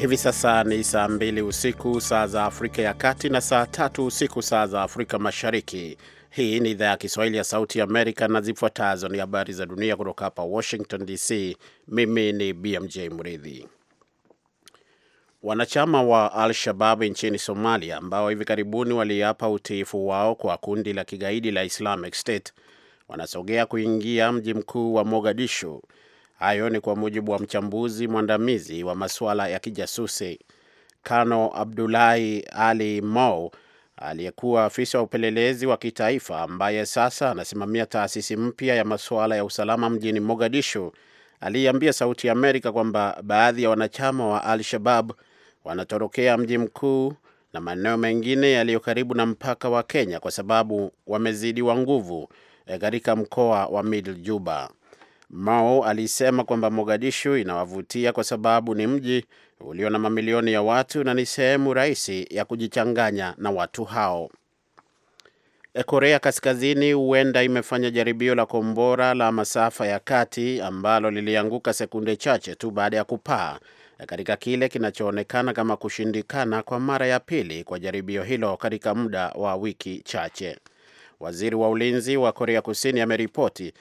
Hivi sasa ni saa mbili usiku saa za Afrika ya Kati na saa tatu usiku saa za Afrika Mashariki. Hii ni idhaa ya Kiswahili ya Sauti ya Amerika na zifuatazo ni habari za dunia kutoka hapa Washington DC. Mimi ni BMJ Mridhi. Wanachama wa Al-Shabab nchini Somalia ambao hivi karibuni waliapa utiifu wao kwa kundi la kigaidi la Islamic State wanasogea kuingia mji mkuu wa Mogadishu Hayo ni kwa mujibu wa mchambuzi mwandamizi wa masuala ya kijasusi Kano Abdulahi Ali Mo aliyekuwa afisa wa upelelezi wa kitaifa ambaye sasa anasimamia taasisi mpya ya masuala ya usalama mjini Mogadishu aliyeambia Sauti ya Amerika kwamba baadhi ya wanachama wa Al-Shabab wanatorokea mji mkuu na maeneo mengine yaliyo karibu na mpaka wa Kenya kwa sababu wamezidiwa nguvu eh, katika mkoa wa Middle Juba. Mao alisema kwamba Mogadishu inawavutia kwa sababu ni mji ulio na mamilioni ya watu na ni sehemu rahisi ya kujichanganya na watu hao. Eh, Korea Kaskazini huenda imefanya jaribio la kombora la masafa ya kati ambalo lilianguka sekunde chache tu baada ya kupaa eh, katika kile kinachoonekana kama kushindikana kwa mara ya pili kwa jaribio hilo katika muda wa wiki chache. Waziri wa ulinzi wa Korea Kusini ameripoti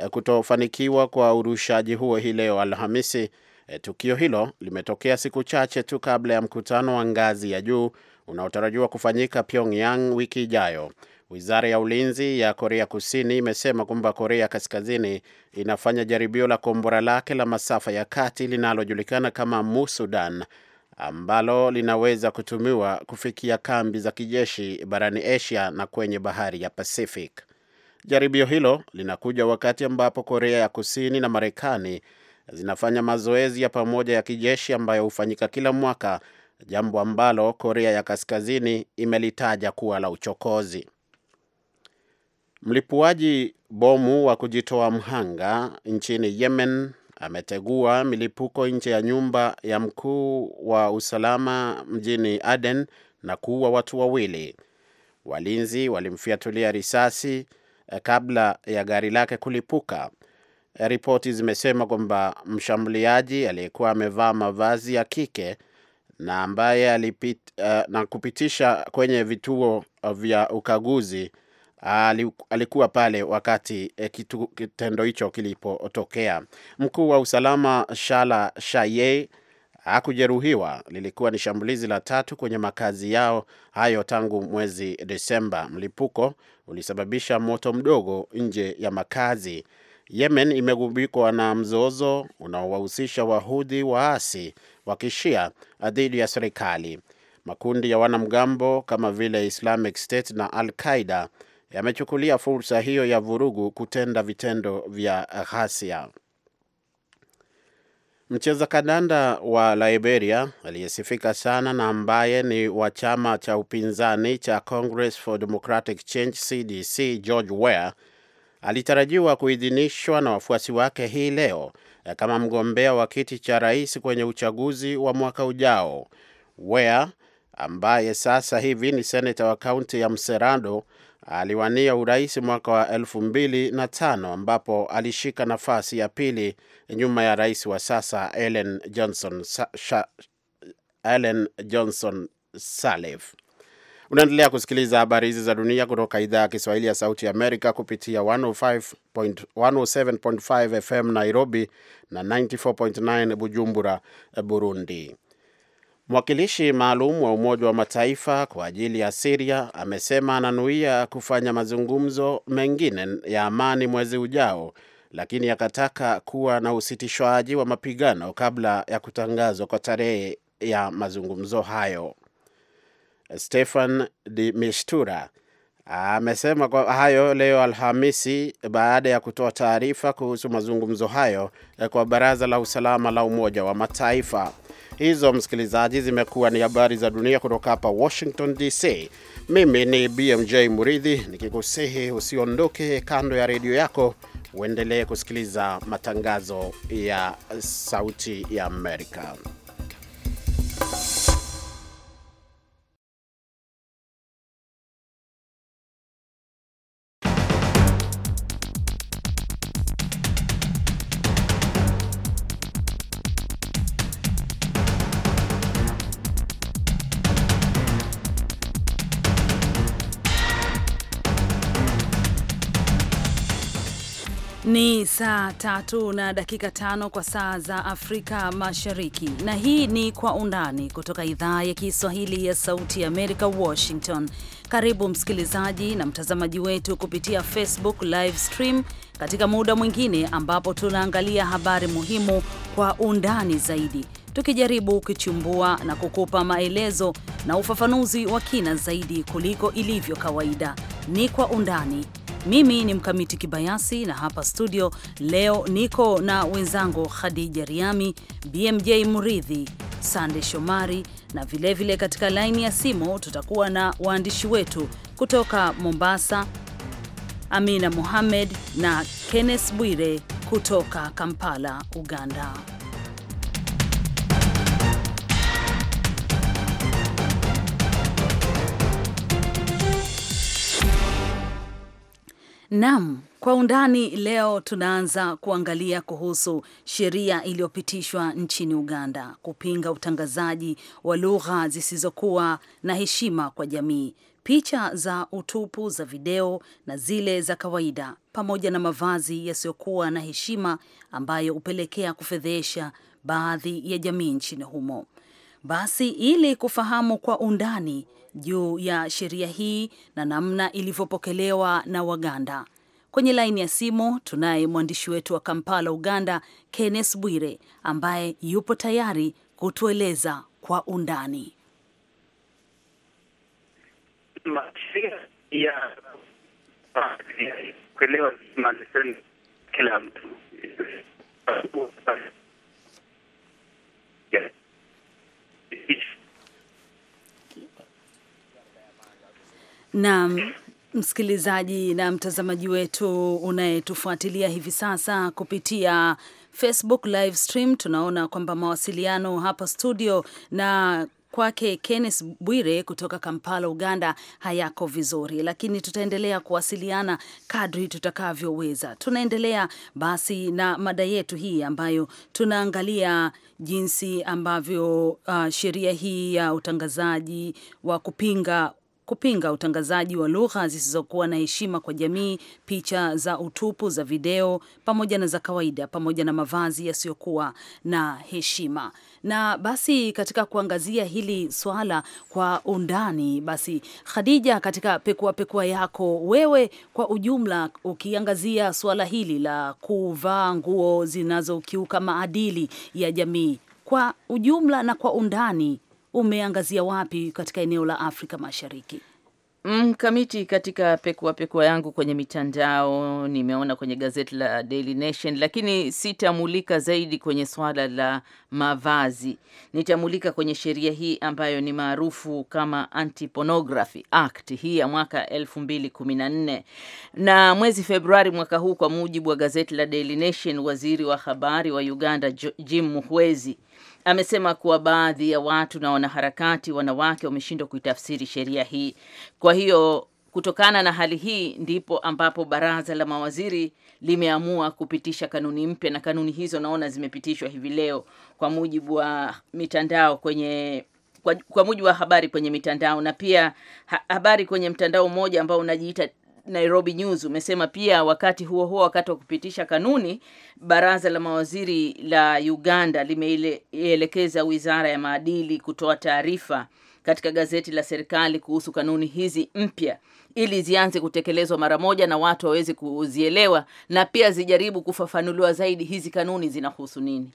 Eh, kutofanikiwa kwa urushaji huo hii leo Alhamisi. Eh, tukio hilo limetokea siku chache tu kabla ya mkutano wa ngazi ya juu unaotarajiwa kufanyika Pyongyang wiki ijayo. Wizara ya ulinzi ya Korea Kusini imesema kwamba Korea Kaskazini inafanya jaribio la kombora lake la masafa ya kati linalojulikana kama Musudan ambalo linaweza kutumiwa kufikia kambi za kijeshi barani Asia na kwenye bahari ya Pacific. Jaribio hilo linakuja wakati ambapo Korea ya Kusini na Marekani zinafanya mazoezi ya pamoja ya kijeshi ambayo hufanyika kila mwaka, jambo ambalo Korea ya Kaskazini imelitaja kuwa la uchokozi. Mlipuaji bomu wa kujitoa mhanga nchini Yemen ametegua milipuko nje ya nyumba ya mkuu wa usalama mjini Aden na kuua watu wawili. Walinzi walimfiatulia risasi Eh, kabla ya gari lake kulipuka. Eh, ripoti zimesema kwamba mshambuliaji aliyekuwa amevaa mavazi ya kike na ambaye alipit, uh, na kupitisha kwenye vituo vya ukaguzi alikuwa pale wakati kitendo hicho kilipotokea. Mkuu wa usalama Shala Shaye hakujeruhiwa. Lilikuwa ni shambulizi la tatu kwenye makazi yao hayo tangu mwezi Desemba. Mlipuko ulisababisha moto mdogo nje ya makazi. Yemen imegubikwa na mzozo unaowahusisha Wahudhi waasi wa Kishia dhidi ya serikali. Makundi ya wanamgambo kama vile Islamic State na Al Qaida yamechukulia fursa hiyo ya vurugu kutenda vitendo vya ghasia. Mcheza kandanda wa Liberia aliyesifika sana na ambaye ni wa chama cha upinzani cha Congress for Democratic Change CDC, George Weah alitarajiwa kuidhinishwa na wafuasi wake hii leo eh, kama mgombea wa kiti cha rais kwenye uchaguzi wa mwaka ujao. Weah ambaye sasa hivi ni seneta wa kaunti ya Mserando aliwania urais mwaka wa elfu mbili na tano ambapo alishika nafasi ya pili nyuma ya rais wa sasa Ellen Johnson, Ellen Johnson Sirleaf. Unaendelea kusikiliza habari hizi za dunia kutoka idhaa ya Kiswahili ya Sauti ya Amerika kupitia 107.5 FM Nairobi na 94.9 Bujumbura, Burundi. Mwakilishi maalum wa Umoja wa Mataifa kwa ajili ya Siria amesema ananuia kufanya mazungumzo mengine ya amani mwezi ujao, lakini akataka kuwa na usitishwaji wa mapigano kabla ya kutangazwa kwa tarehe ya mazungumzo hayo. Stefan de Mistura amesema hayo leo Alhamisi baada ya kutoa taarifa kuhusu mazungumzo hayo kwa Baraza la Usalama la Umoja wa Mataifa. Hizo msikilizaji, zimekuwa ni habari za dunia kutoka hapa Washington DC. Mimi ni BMJ Muridhi nikikusihi usiondoke kando ya redio yako, uendelee kusikiliza matangazo ya Sauti ya Amerika. Saa tatu na dakika tano kwa saa za Afrika Mashariki, na hii ni Kwa Undani kutoka idhaa ya Kiswahili ya Sauti ya Amerika, Washington. Karibu msikilizaji na mtazamaji wetu kupitia Facebook live stream katika muda mwingine ambapo tunaangalia habari muhimu kwa undani zaidi, tukijaribu kuchimbua na kukupa maelezo na ufafanuzi wa kina zaidi kuliko ilivyo kawaida. Ni Kwa Undani. Mimi ni Mkamiti Kibayasi na hapa studio leo niko na wenzangu Khadija Riami, BMJ Muridhi, Sande Shomari na vilevile vile katika laini ya simu tutakuwa na waandishi wetu kutoka Mombasa, Amina Mohamed na Kenneth Bwire kutoka Kampala, Uganda. Naam, kwa undani leo tunaanza kuangalia kuhusu sheria iliyopitishwa nchini Uganda kupinga utangazaji wa lugha zisizokuwa na heshima kwa jamii, picha za utupu za video na zile za kawaida, pamoja na mavazi yasiyokuwa na heshima ambayo hupelekea kufedhesha baadhi ya jamii nchini humo. Basi ili kufahamu kwa undani juu ya sheria hii na namna ilivyopokelewa na Waganda. Kwenye laini ya simu tunaye mwandishi wetu wa Kampala, Uganda, Kenneth Bwire ambaye yupo tayari kutueleza kwa undani Naam, msikilizaji na mtazamaji wetu unayetufuatilia hivi sasa kupitia Facebook live stream, tunaona kwamba mawasiliano hapa studio na kwake Kenneth Bwire kutoka Kampala, Uganda hayako vizuri, lakini tutaendelea kuwasiliana kadri tutakavyoweza. Tunaendelea basi na mada yetu hii ambayo tunaangalia jinsi ambavyo uh, sheria hii ya utangazaji wa kupinga kupinga utangazaji wa lugha zisizokuwa na heshima kwa jamii, picha za utupu za video pamoja na za kawaida, pamoja na mavazi yasiyokuwa na heshima. Na basi katika kuangazia hili swala kwa undani, basi Khadija, katika pekua pekua yako wewe kwa ujumla, ukiangazia suala hili la kuvaa nguo zinazokiuka maadili ya jamii kwa ujumla na kwa undani umeangazia wapi katika eneo la Afrika Mashariki? Mm, Mkamiti, katika pekua pekua yangu kwenye mitandao nimeona kwenye gazeti la Daily Nation, lakini sitamulika zaidi kwenye swala la mavazi. Nitamulika kwenye sheria hii ambayo ni maarufu kama Anti Pornography Act, hii ya mwaka 2014 na mwezi Februari mwaka huu, kwa mujibu wa gazeti la Daily Nation, waziri wa habari wa Uganda Jim Muhwezi amesema kuwa baadhi ya watu na wanaharakati wanawake wameshindwa kuitafsiri sheria hii. Kwa hiyo kutokana na hali hii ndipo ambapo baraza la mawaziri limeamua kupitisha kanuni mpya, na kanuni hizo naona zimepitishwa hivi leo kwa mujibu wa mitandao kwenye kwa, kwa mujibu wa habari kwenye mitandao na pia ha, habari kwenye mtandao mmoja ambao unajiita Nairobi News umesema pia, wakati huo huo, wakati wa kupitisha kanuni, baraza la mawaziri la Uganda limeelekeza wizara ya maadili kutoa taarifa katika gazeti la serikali kuhusu kanuni hizi mpya ili zianze kutekelezwa mara moja na watu waweze kuzielewa, na pia zijaribu kufafanuliwa zaidi hizi kanuni zinahusu nini.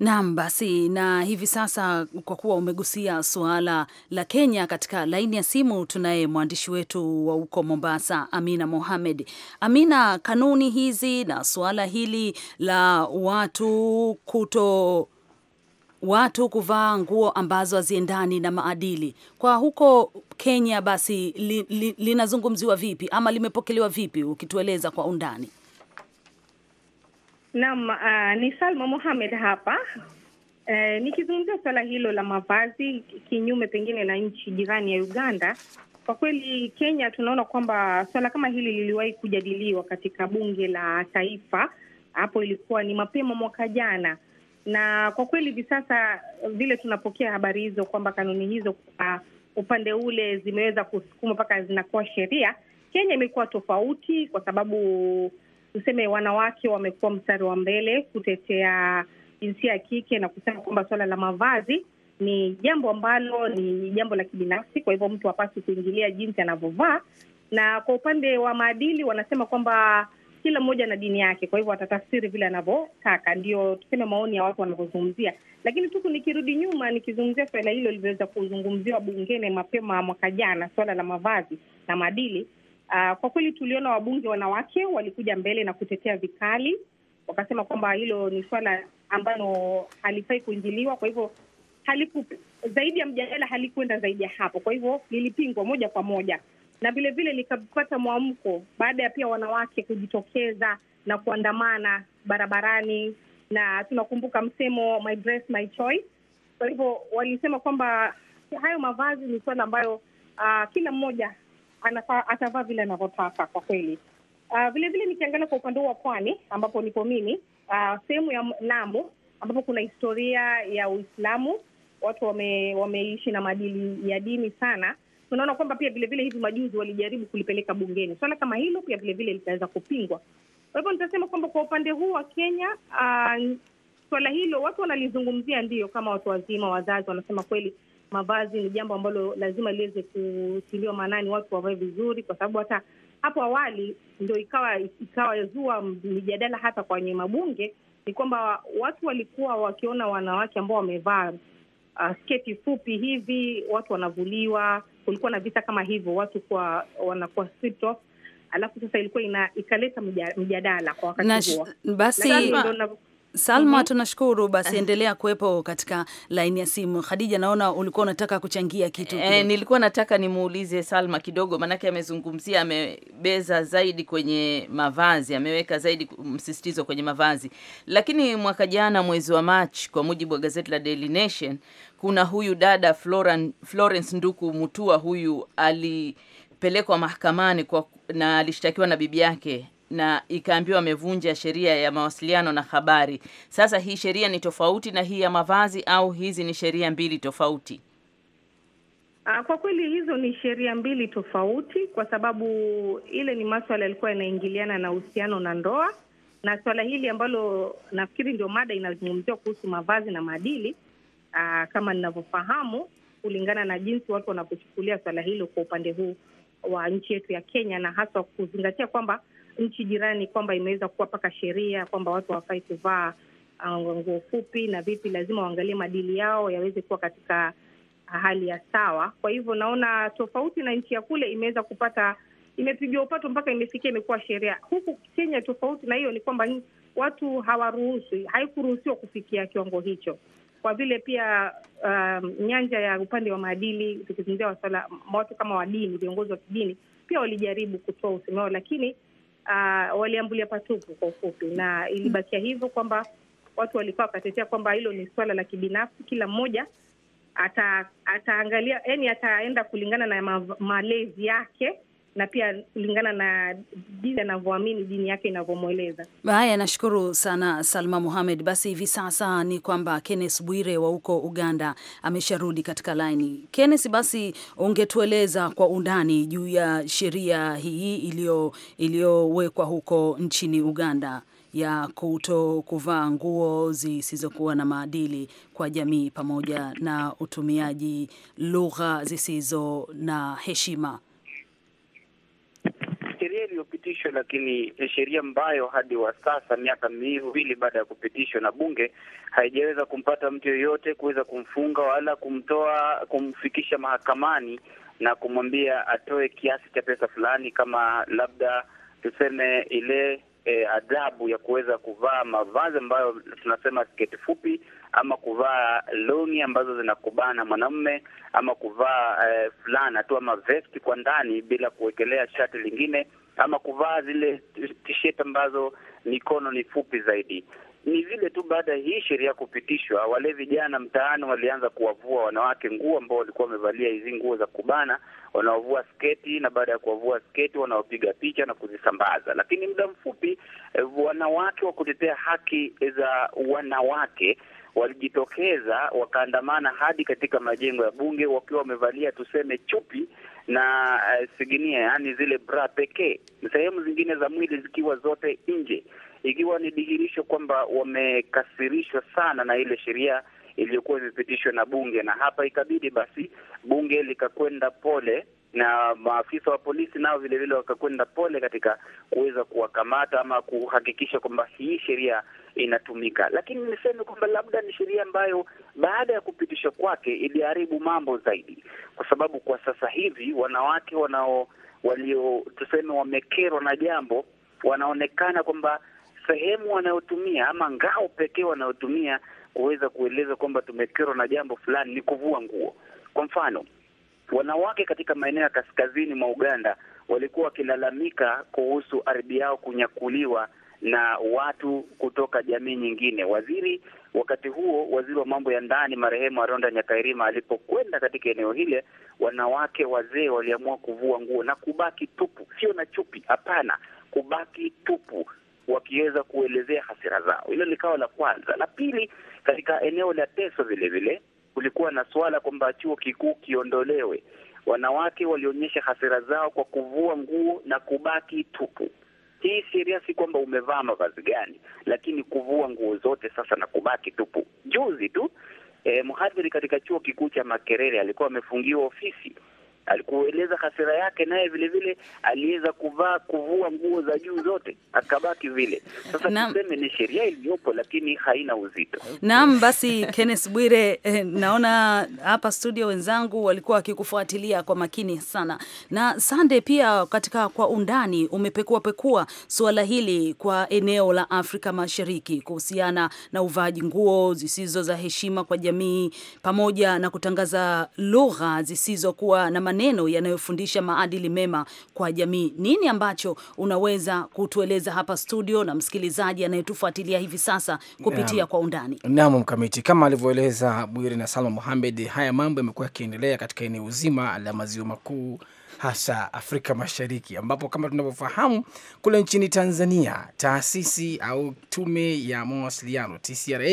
Naam, basi na hivi sasa, kwa kuwa umegusia suala la Kenya, katika laini ya simu tunaye mwandishi wetu wa huko Mombasa, Amina Mohamed. Amina, kanuni hizi na suala hili la watu kuto watu kuvaa nguo ambazo haziendani na maadili kwa huko Kenya, basi linazungumziwa li, linazungumziwa vipi ama limepokelewa vipi, ukitueleza kwa undani? Naam, uh, ni Salma Mohamed hapa. Eh, nikizungumzia suala hilo la mavazi kinyume pengine na nchi jirani ya Uganda, kwa kweli Kenya tunaona kwamba suala kama hili liliwahi kujadiliwa katika bunge la taifa hapo, ilikuwa ni mapema mwaka jana, na kwa kweli hivi sasa vile tunapokea habari hizo kwamba kanuni hizo kwa ah, upande ule zimeweza kusukuma mpaka zinakuwa sheria, Kenya imekuwa tofauti kwa sababu tuseme wanawake wamekuwa mstari wa mbele kutetea jinsia ya kike na kusema kwamba suala la mavazi ni jambo ambalo ni jambo la kibinafsi, kwa hivyo mtu hapaswi kuingilia jinsi anavyovaa. Na kwa upande wa maadili, wanasema kwamba kila mmoja na dini yake, kwa hivyo atatafsiri vile anavyotaka. Ndio tuseme maoni ya watu wanavyozungumzia. Lakini tuku nikirudi nyuma, nikizungumzia suala hilo lilivyoweza kuzungumziwa bungeni mapema mwaka jana, suala la mavazi na maadili Uh, kwa kweli tuliona wabunge wanawake walikuja mbele na kutetea vikali, wakasema kwamba hilo ni swala ambalo halifai kuingiliwa, kwa hivyo haliku zaidi ya mjadala halikuenda zaidi ya hapo, kwa hivyo lilipingwa moja kwa moja, na vilevile likapata mwamko baada ya pia wanawake kujitokeza na kuandamana barabarani, na tunakumbuka msemo my dress, my choice. Kwa hivyo walisema kwamba hayo mavazi ni swala ambayo uh, kila mmoja anafaa atavaa vile anavyotaka kwa kweli. Uh, ah, vilevile nikiangalia kwa upande huu wa pwani ambapo nipo mimi, uh, sehemu ya Lamu ambapo kuna historia ya Uislamu, watu wame, wameishi na maadili ya dini sana. Tunaona kwamba pia vilevile hivi majuzi walijaribu kulipeleka bungeni swala so, kama hilo pia vilevile litaweza kupingwa. Kwa hivyo nitasema kwamba kwa upande huu wa Kenya uh, swala hilo watu wanalizungumzia, ndio kama watu wazima, wazazi wanasema kweli mavazi ni jambo ambalo lazima liweze kutiliwa maanani, watu wavae vizuri, kwa sababu hata hapo awali ndo ikawa ikawa zua mijadala hata kwenye mabunge, ni kwamba watu walikuwa wakiona wanawake ambao wamevaa uh, sketi fupi hivi, watu wanavuliwa. Kulikuwa na visa kama hivyo, watu kwa wanakuwa stripped off, alafu sasa ilikuwa ina, ikaleta mjadala kwa wakati huo basi Salma, mm -hmm. Tunashukuru basi, eh. endelea kuwepo katika laini ya simu. Khadija, naona ulikuwa unataka kuchangia kitu. E, nilikuwa nataka nimuulize Salma kidogo, maanake amezungumzia, amebeza zaidi kwenye mavazi, ameweka zaidi msisitizo kwenye mavazi, lakini mwaka jana mwezi wa Machi, kwa mujibu wa gazeti la Daily Nation, kuna huyu dada Floran, Florence Nduku Mutua, huyu alipelekwa mahakamani kwa, na alishtakiwa na bibi yake na ikaambiwa wamevunja sheria ya mawasiliano na habari. Sasa hii sheria ni tofauti na hii ya mavazi au hizi ni sheria mbili tofauti? Ah, kwa kweli hizo ni sheria mbili tofauti, kwa sababu ile ni maswala yalikuwa yanaingiliana na uhusiano na ndoa, na swala hili ambalo nafikiri ndio mada inazungumziwa kuhusu mavazi na maadili. Ah, kama ninavyofahamu, kulingana na jinsi watu wanapochukulia swala hilo kwa upande huu wa nchi yetu ya Kenya, na haswa kuzingatia kwamba nchi jirani kwamba imeweza kuwa paka sheria kwamba watu hawafai kuvaa uh, nguo fupi na vipi, lazima waangalie maadili yao yaweze kuwa katika uh, hali ya sawa. Kwa hivyo naona tofauti na nchi ya kule imeweza kupata, imepigwa upato mpaka imefikia imekuwa sheria. Huku Kenya tofauti na hiyo ni kwamba watu hawaruhusu, haikuruhusiwa kufikia kiwango hicho, kwa vile pia um, nyanja ya upande wa maadili, tukizungumzia watu kama wa dini, viongozi wa kidini pia walijaribu kutoa usemeo, lakini uh, waliambulia patupu kwa ufupi, na ilibakia hivyo kwamba watu walikuwa wakatetea kwamba hilo ni swala la kibinafsi, kila mmoja ata, ataangalia yani, ataenda kulingana na ma, malezi yake na pia kulingana na jinsi anavyoamini dini yake inavyomweleza. Haya, nashukuru sana Salma muhamed Basi hivi sasa ni kwamba Kennes Bwire wa huko Uganda amesharudi katika laini. Kennes, basi ungetueleza kwa undani juu ya sheria hii iliyo iliyowekwa huko nchini Uganda ya kuto kuvaa nguo zisizokuwa na maadili kwa jamii pamoja na utumiaji lugha zisizo na heshima sheria iliyopitishwa, lakini ni sheria ambayo hadi wa sasa, miaka miwili baada ya kupitishwa na bunge, haijaweza kumpata mtu yoyote kuweza kumfunga wala kumtoa, kumfikisha mahakamani na kumwambia atoe kiasi cha pesa fulani, kama labda tuseme ile E, adhabu ya kuweza kuvaa mavazi ambayo tunasema sketi fupi ama kuvaa longi ambazo zinakubana mwanamume ama kuvaa e, fulana tu ama vesti kwa ndani bila kuwekelea shati lingine ama kuvaa zile t-shirt ambazo mikono ni fupi zaidi. Ni vile tu baada ya hii sheria kupitishwa, wale vijana mtaani walianza kuwavua wanawake nguo ambao walikuwa wamevalia hizi nguo za kubana, wanaovua sketi, na baada ya kuwavua sketi wanaopiga picha na kuzisambaza. Lakini muda mfupi eh, wanawake wa kutetea haki za wanawake walijitokeza wakaandamana hadi katika majengo ya bunge wakiwa wamevalia tuseme chupi na uh, siginia, yaani zile bra pekee, sehemu zingine za mwili zikiwa zote nje ikiwa ni dhihirisho kwamba wamekasirishwa sana na ile sheria iliyokuwa imepitishwa na bunge, na hapa ikabidi basi bunge likakwenda pole na maafisa wa polisi nao vilevile wakakwenda pole katika kuweza kuwakamata ama kuhakikisha kwamba hii sheria inatumika. Lakini niseme kwamba labda ni sheria ambayo baada ya kupitishwa kwake iliharibu mambo zaidi, kwa sababu kwa sasa hivi wanawake wanao walio tuseme wamekerwa na jambo wanaonekana kwamba sehemu wanayotumia ama ngao pekee wanayotumia kuweza kueleza kwamba tumekerwa na jambo fulani ni kuvua nguo. Kwa mfano, wanawake katika maeneo ya kaskazini mwa Uganda walikuwa wakilalamika kuhusu ardhi yao kunyakuliwa na watu kutoka jamii nyingine. Waziri wakati huo, waziri wa mambo ya ndani marehemu Aronda Nyakairima alipokwenda katika eneo hile, wanawake wazee waliamua kuvua nguo na kubaki tupu, sio na chupi, hapana, kubaki tupu wakiweza kuelezea hasira zao. Hilo likawa la kwanza. La pili, katika eneo la Teso vile vile kulikuwa na suala kwamba chuo kikuu kiondolewe. Wanawake walionyesha hasira zao kwa kuvua nguo na kubaki tupu. Hii sheria si kwamba umevaa mavazi gani, lakini kuvua nguo zote sasa na kubaki tupu. Juzi tu eh, mhadhiri katika chuo kikuu cha Makerere alikuwa amefungiwa ofisi alikueleza hasira yake, naye vile vile aliweza kuvaa kuvua nguo za juu zote akabaki vile. Sasa tuseme ni sheria iliyopo, lakini haina uzito. Naam, basi Kenneth Bwire, eh, naona hapa studio wenzangu walikuwa wakikufuatilia kwa makini sana, na Sande pia katika kwa undani umepekua pekua suala hili kwa eneo la Afrika Mashariki kuhusiana na uvaaji nguo zisizo za heshima kwa jamii pamoja na kutangaza lugha zisizokuwa na maneno yanayofundisha maadili mema kwa jamii. Nini ambacho unaweza kutueleza hapa studio na msikilizaji anayetufuatilia hivi sasa kupitia kwa undani? Naam, mkamiti kama alivyoeleza Bwire na Salma muhamed haya mambo yamekuwa yakiendelea katika eneo zima la maziwa makuu hasa Afrika Mashariki, ambapo kama tunavyofahamu kule nchini Tanzania taasisi au tume ya mawasiliano TCRA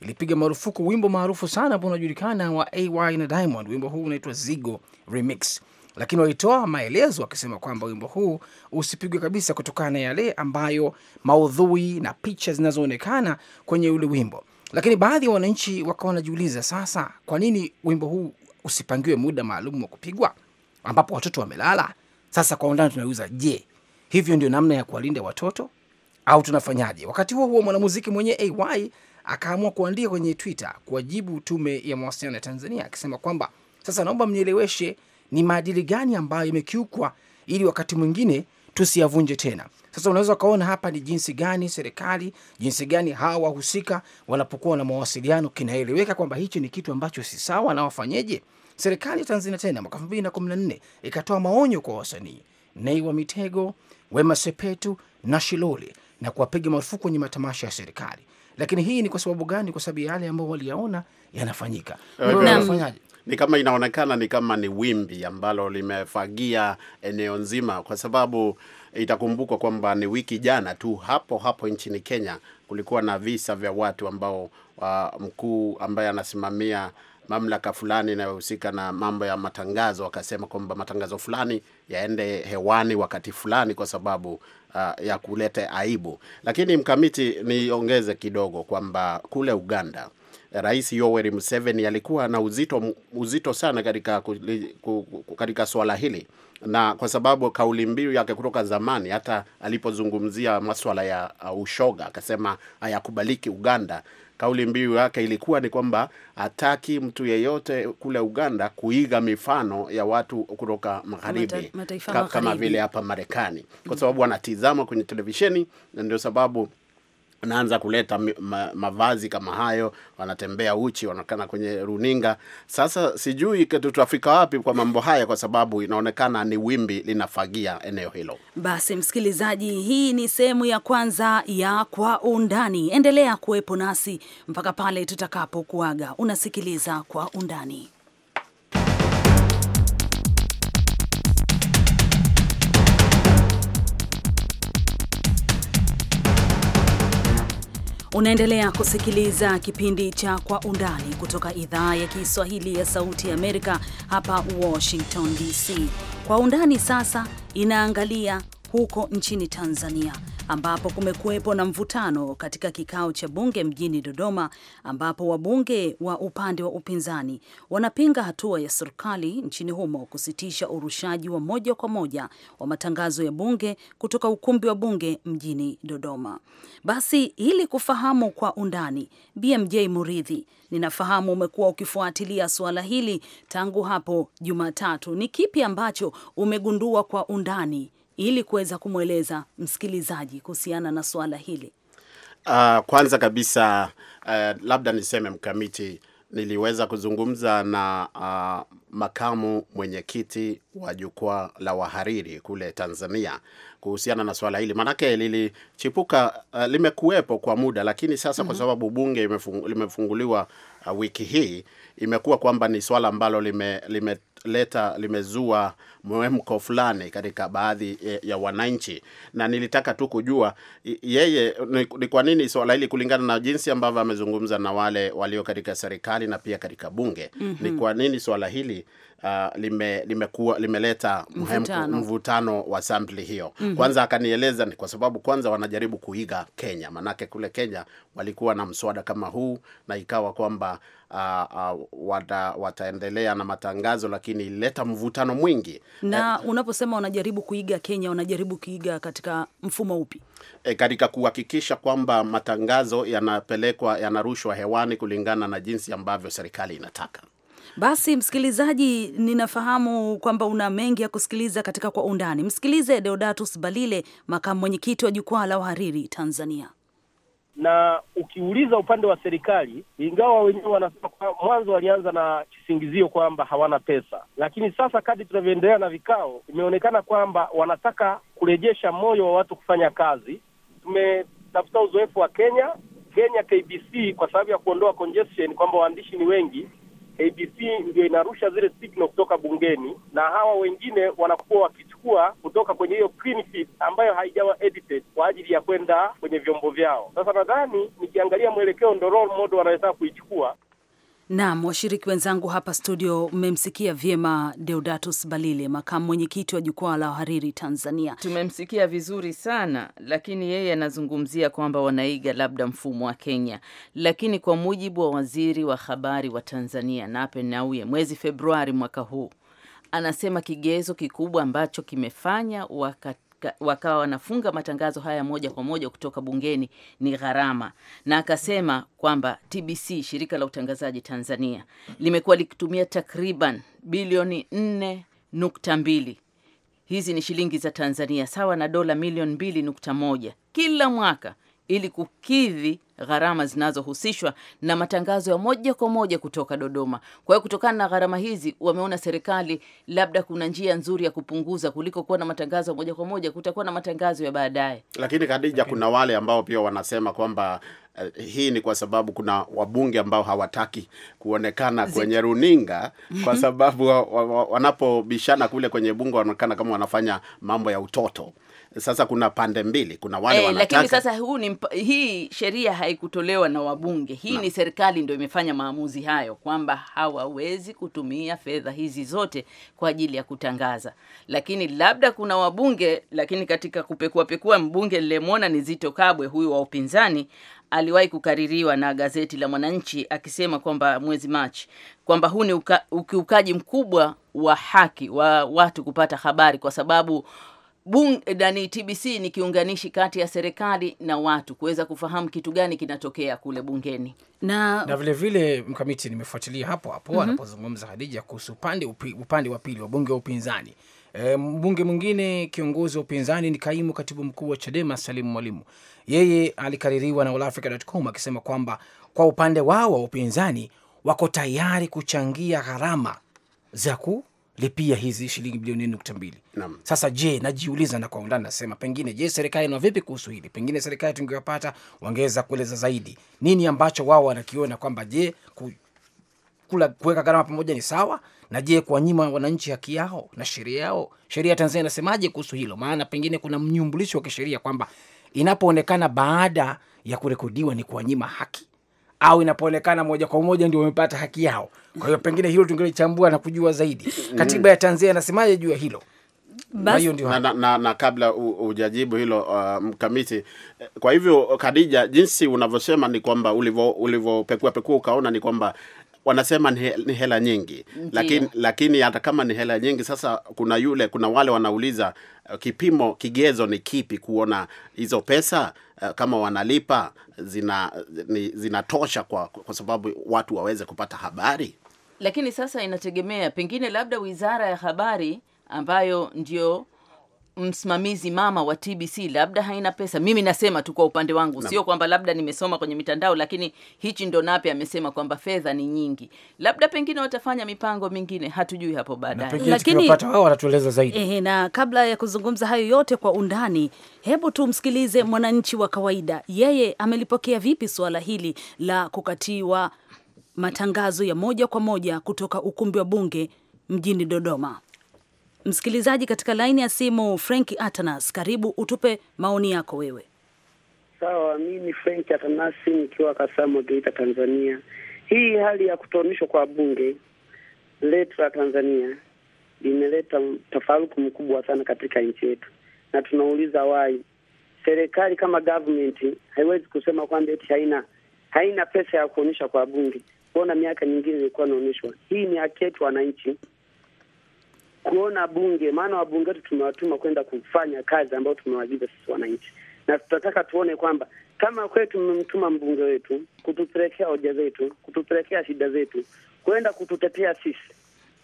ilipiga marufuku wimbo maarufu sana ambao unajulikana wa AY na Diamond. Wimbo huu unaitwa Zigo Remix, lakini walitoa maelezo wakisema kwamba wimbo huu usipigwe kabisa kutokana na yale ambayo maudhui na picha zinazoonekana kwenye ule wimbo. Lakini baadhi ya wananchi wakawa wanajiuliza sasa, kwa nini wimbo huu usipangiwe muda maalum wa kupigwa? ambapo watoto wamelala. Sasa kwa undani tunauliza, je, hivyo ndio namna ya kuwalinda watoto au tunafanyaje? Wakati huo huo, mwanamuziki mwenye AY akaamua kuandika kwenye Twitter kuwajibu tume ya mawasiliano ya Tanzania akisema kwamba sasa naomba mnieleweshe ni maadili gani ambayo imekiukwa ili wakati mwingine tusiyavunje tena. Sasa unaweza ukaona hapa ni jinsi gani serikali, jinsi gani hawa wahusika wanapokuwa na mawasiliano, kinaeleweka kwamba hichi ni kitu ambacho si sawa na wafanyeje Serikali ya Tanzania tena mwaka nne ikatoa maonyo kwa wasanii nei wa Mitego, Wema Sepetu na Shilole na kuwapiga marufuku kwenye matamasha ya serikali. Lakini hii ni kwa sababu gani? Kwa sababu yale ambayo waliyaona yanafanyika. Eh, wanafanyaje? Ni kama inaonekana ni kama ni wimbi ambalo limefagia eneo nzima, kwa sababu itakumbukwa kwamba ni wiki jana tu hapo hapo nchini Kenya kulikuwa na visa vya watu ambao wa uh, mkuu ambaye anasimamia mamlaka fulani inayohusika na mambo ya matangazo wakasema kwamba matangazo fulani yaende hewani wakati fulani kwa sababu uh, ya kuleta aibu. Lakini mkamiti, niongeze kidogo kwamba kule Uganda Rais Yoweri Museveni alikuwa na uzito, uzito sana katika, katika swala hili, na kwa sababu kauli mbiu yake kutoka zamani, hata alipozungumzia maswala ya uh, ushoga akasema hayakubaliki Uganda kauli mbiu yake ilikuwa ni kwamba hataki mtu yeyote kule Uganda kuiga mifano ya watu kutoka magharibi kama vile hapa Marekani, kwa sababu wanatizama kwenye televisheni, na ndio sababu naanza kuleta mavazi kama hayo, wanatembea uchi, wanaonekana kwenye runinga. Sasa sijui tutafika wapi kwa mambo haya, kwa sababu inaonekana ni wimbi linafagia eneo hilo. Basi msikilizaji, hii ni sehemu ya kwanza ya Kwa Undani. Endelea kuwepo nasi mpaka pale tutakapokuaga. Unasikiliza Kwa Undani. Unaendelea kusikiliza kipindi cha Kwa Undani kutoka idhaa ya Kiswahili ya Sauti ya Amerika hapa Washington DC. Kwa Undani sasa inaangalia huko nchini Tanzania ambapo kumekuwepo na mvutano katika kikao cha bunge mjini Dodoma ambapo wabunge wa upande wa upinzani wanapinga hatua ya serikali nchini humo kusitisha urushaji wa moja kwa moja wa matangazo ya bunge kutoka ukumbi wa bunge mjini Dodoma. Basi ili kufahamu kwa undani, BMJ Muridhi, ninafahamu umekuwa ukifuatilia suala hili tangu hapo Jumatatu. Ni kipi ambacho umegundua kwa undani ili kuweza kumweleza msikilizaji kuhusiana na suala hili? Uh, kwanza kabisa uh, labda niseme mkamiti, niliweza kuzungumza na uh, makamu mwenyekiti wa jukwaa la wahariri kule Tanzania kuhusiana na swala hili, maanake lilichipuka, uh, limekuwepo kwa muda, lakini sasa mm -hmm. kwa mhm. sababu bunge limefunguliwa uh, wiki hii, imekuwa kwamba ni swala ambalo lime, limezua mwemko fulani katika baadhi ya, eh, ya wananchi, na nilitaka tu kujua yeye ni, ni kwa nini swala hili kulingana na jinsi ambavyo amezungumza na wale walio katika serikali na pia katika bunge mm -hmm. ni mhm. kwa nini swala hili uh, lime, limekuwa limeleta mvutano. mvutano wa sampli hiyo mm -hmm. Kwanza akanieleza ni kwa sababu kwanza wanajaribu kuiga Kenya, manake kule Kenya walikuwa na mswada kama huu na ikawa kwamba Uh, uh, wada, wataendelea na matangazo lakini ilileta mvutano mwingi. Na eh, unaposema wanajaribu kuiga Kenya, wanajaribu kuiga katika mfumo upi? Eh, katika kuhakikisha kwamba matangazo yanapelekwa yanarushwa hewani kulingana na jinsi ambavyo serikali inataka. Basi msikilizaji, ninafahamu kwamba una mengi ya kusikiliza katika Kwa Undani. Msikilize Deodatus Balile, makamu mwenyekiti wa Jukwaa la Wahariri Tanzania. Na ukiuliza upande wa serikali, ingawa wenyewe wanasema kwa mwanzo walianza na kisingizio kwamba hawana pesa, lakini sasa kadri tunavyoendelea na vikao, imeonekana kwamba wanataka kurejesha moyo wa watu kufanya kazi. Tumetafuta uzoefu wa Kenya Kenya KBC kwa sababu ya kuondoa congestion, kwamba waandishi ni wengi ABC ndio inarusha zile signal kutoka bungeni na hawa wengine wanakuwa wakichukua kutoka kwenye hiyo clean feed ambayo haijawa edited kwa ajili ya kwenda kwenye vyombo vyao. Sasa nadhani nikiangalia mwelekeo ndo role model wanaweza kuichukua. Naam, washiriki wenzangu hapa studio, mmemsikia vyema Deodatus Balile, makamu mwenyekiti wa jukwaa la wahariri Tanzania. Tumemsikia vizuri sana, lakini yeye anazungumzia kwamba wanaiga labda mfumo wa Kenya, lakini kwa mujibu wa waziri wa habari wa Tanzania Nape Nnauye, mwezi Februari mwaka huu, anasema kigezo kikubwa ambacho kimefanya waka wakawa wanafunga matangazo haya moja kwa moja kutoka bungeni ni gharama, na akasema kwamba TBC, shirika la utangazaji Tanzania, limekuwa likitumia takriban bilioni 4.2 hizi ni shilingi za Tanzania sawa na dola milioni 2.1 kila mwaka ili kukidhi gharama zinazohusishwa na matangazo ya moja kwa moja kutoka Dodoma. Kwa hiyo kutokana na gharama hizi, wameona serikali labda kuna njia nzuri ya kupunguza kuliko kuwa na matangazo ya moja kwa moja, kutakuwa na matangazo ya baadaye. Lakini Khadija, okay. Kuna wale ambao pia wanasema kwamba eh, hii ni kwa sababu kuna wabunge ambao hawataki kuonekana kwenye runinga kwa sababu wa, wa, wanapobishana kule kwenye bunge wanaonekana kama wanafanya mambo ya utoto. Sasa kuna pande mbili, kuna wale e, wanataka lakini sasa huu ni hii sheria haikutolewa na wabunge, hii na, ni serikali ndio imefanya maamuzi hayo kwamba hawawezi kutumia fedha hizi zote kwa ajili ya kutangaza, lakini labda kuna wabunge. Lakini katika kupekua pekua, mbunge nilimwona ni Zito Kabwe, huyu wa upinzani aliwahi kukaririwa na gazeti la Mwananchi akisema kwamba mwezi Machi kwamba huu ni uka, ukiukaji mkubwa wa haki wa watu kupata habari, kwa sababu Bungedani eh, TBC ni kiunganishi kati ya serikali na watu kuweza kufahamu kitu gani kinatokea kule bungeni na, na vile vile mkamiti, nimefuatilia hapo hapo mm -hmm. anapozungumza Hadija kuhusu upande upande wa pili bunge wa upinzani e, mbunge mwingine kiongozi wa upinzani ni kaimu katibu mkuu wa Chadema Salimu Mwalimu, yeye alikaririwa na allafrica.com akisema kwamba kwa upande wao wa upinzani wako tayari kuchangia gharama za ku lipia hizi shilingi bilioni nukta mbili. Sasa je, najiuliza na kwa undani nasema pengine, je, serikali na vipi kuhusu hili? Pengine serikali tungewapata wangeweza kueleza zaidi nini ambacho wao wanakiona kwamba je kula kuweka gharama pamoja ni sawa na je, kuwanyima wananchi haki yao na sheria yao, sheria ya Tanzania inasemaje kuhusu hilo? Maana pengine kuna mnyumbulisho wa kisheria kwamba inapoonekana baada ya kurekodiwa ni kuwanyima haki au inapoonekana moja kwa moja ndio wamepata haki yao. Kwa hiyo pengine hilo tungelichambua na kujua zaidi katiba ya Tanzania inasemaje juu ya hilo. Na, na, na, na kabla hujajibu hilo uh, mkamiti. Kwa hivyo Khadija, jinsi unavyosema ni kwamba ulivyopekua pekua ukaona ni kwamba wanasema ni, ni hela nyingi lakini, lakini hata kama ni hela nyingi, sasa kuna yule kuna wale wanauliza eh, kipimo kigezo ni kipi kuona hizo pesa eh, kama wanalipa zina zinatosha kwa, kwa sababu watu waweze kupata habari. Lakini sasa inategemea pengine, labda wizara ya habari ambayo ndio msimamizi mama wa TBC labda haina pesa. Mimi nasema tu kwa upande wangu, sio kwamba labda nimesoma kwenye mitandao, lakini hichi ndo Nape amesema kwamba fedha ni nyingi, labda pengine watafanya mipango mingine, hatujui hapo baadaye, lakini watatueleza zaidi. Ehe, na kabla ya kuzungumza hayo yote kwa undani, hebu tumsikilize mwananchi wa kawaida, yeye amelipokea vipi suala hili la kukatiwa matangazo ya moja kwa moja kutoka ukumbi wa bunge mjini Dodoma. Msikilizaji katika laini ya simu Frank Atanas, karibu utupe maoni yako wewe. Sawa, ni Frank Atanasi nikiwa Kasamo, Geita, Tanzania. Hii hali ya kutoanishwa kwa bunge letu la Tanzania imeleta tafaruku mkubwa sana katika nchi yetu, na tunauliza wai, Serikali kama government haiwezi kusema kwamba eti haina haina pesa ya kuonyesha kwa bunge, kuona miaka nyingine ilikuwa inaonyeshwa. Hii ni haki yetu wananchi kuona bunge, maana wabunge wetu tumewatuma kwenda kufanya kazi ambayo tumewajiza sisi wananchi, na tutataka tuone kwamba kama kweli tumemtuma mbunge wetu kutupelekea hoja zetu, kutupelekea shida zetu, kwenda kututetea sisi,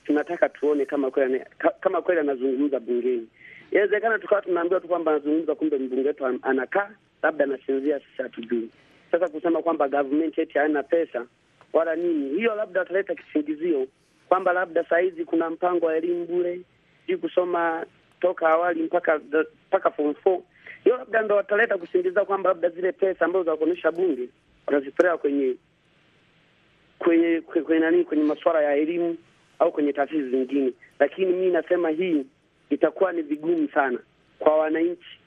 tunataka tuone kama kweli kama kweli anazungumza bungeni. Inawezekana tukawa tunaambiwa tu kwamba anazungumza, kumbe mbunge wetu anakaa labda anasinzia, sisi hatujui. Sasa kusema kwamba government yetu haina pesa wala nini, hiyo labda ataleta kisingizio kwamba labda sahizi kuna mpango wa elimu bure, sijui kusoma toka awali mpaka mpaka form four. Hiyo labda ndo wataleta kusindikiza kwamba labda zile pesa ambazo za kuonesha bunge watazipeleka kwenye kwenye kwenye nani, kwenye masuala ya elimu au kwenye taasisi zingine, lakini mi nasema hii itakuwa ni vigumu sana kwa wananchi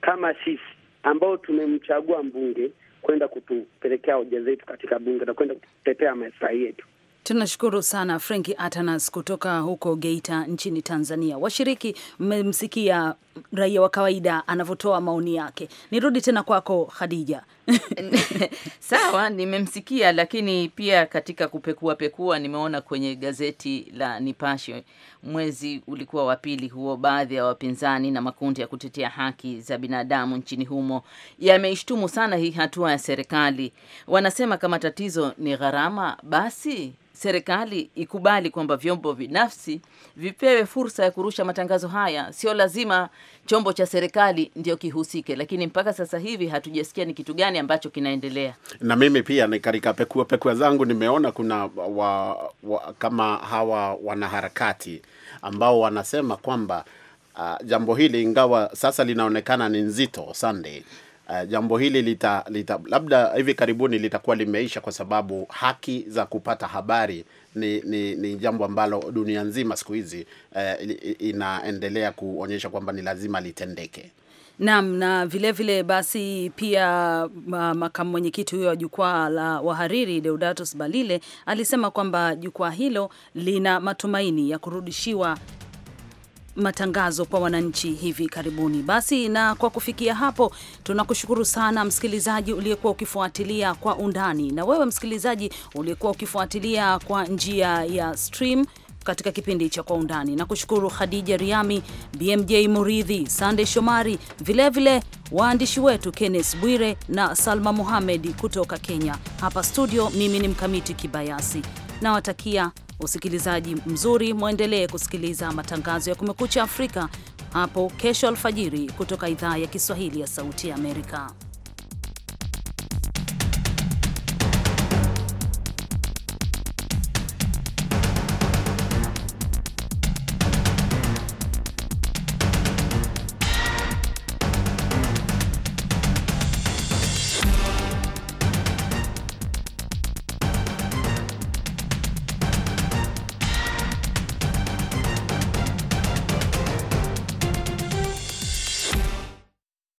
kama sisi ambao tumemchagua mbunge kwenda kutupelekea hoja zetu katika bunge na kwenda kutetea maslahi yetu. Tunashukuru sana Franki Atanas kutoka huko Geita nchini Tanzania. Washiriki mmemsikia raia wa kawaida anavyotoa maoni yake. Nirudi tena kwako Khadija. Sawa, nimemsikia, lakini pia katika kupekua pekua nimeona kwenye gazeti la Nipashe mwezi ulikuwa wa pili huo, baadhi ya wapinzani na makundi ya kutetea haki za binadamu nchini humo yameishtumu sana hii hatua ya serikali. Wanasema kama tatizo ni gharama, basi serikali ikubali kwamba vyombo binafsi vipewe fursa ya kurusha matangazo haya. Sio lazima chombo cha serikali ndio kihusike, lakini mpaka sasa hivi hatujasikia ni kitu gani ambacho kinaendelea. Na mimi pia ni katika pekua pekua zangu nimeona kuna wa, wa, kama hawa wanaharakati ambao wanasema kwamba uh, jambo hili ingawa sasa linaonekana ni nzito Sunday Uh, jambo hili lita, lita labda hivi karibuni litakuwa limeisha kwa sababu haki za kupata habari ni, ni, ni jambo ambalo dunia nzima siku hizi eh, inaendelea kuonyesha kwamba ni lazima litendeke. Naam, na vilevile vile basi pia makamu mwenyekiti huyo wa jukwaa la wahariri deudatus Balile alisema kwamba jukwaa hilo lina matumaini ya kurudishiwa matangazo kwa wananchi hivi karibuni. Basi na kwa kufikia hapo, tunakushukuru sana msikilizaji uliyekuwa ukifuatilia kwa undani, na wewe msikilizaji uliyekuwa ukifuatilia kwa njia ya stream katika kipindi cha kwa undani na kushukuru Khadija Riami, BMJ Muridhi, Sande Shomari, vilevile waandishi wetu Kenneth Bwire na Salma Muhamedi kutoka Kenya. Hapa studio, mimi ni Mkamiti Kibayasi, nawatakia Usikilizaji mzuri, mwendelee kusikiliza matangazo ya Kumekucha Afrika hapo kesho alfajiri kutoka idhaa ya Kiswahili ya Sauti ya Amerika.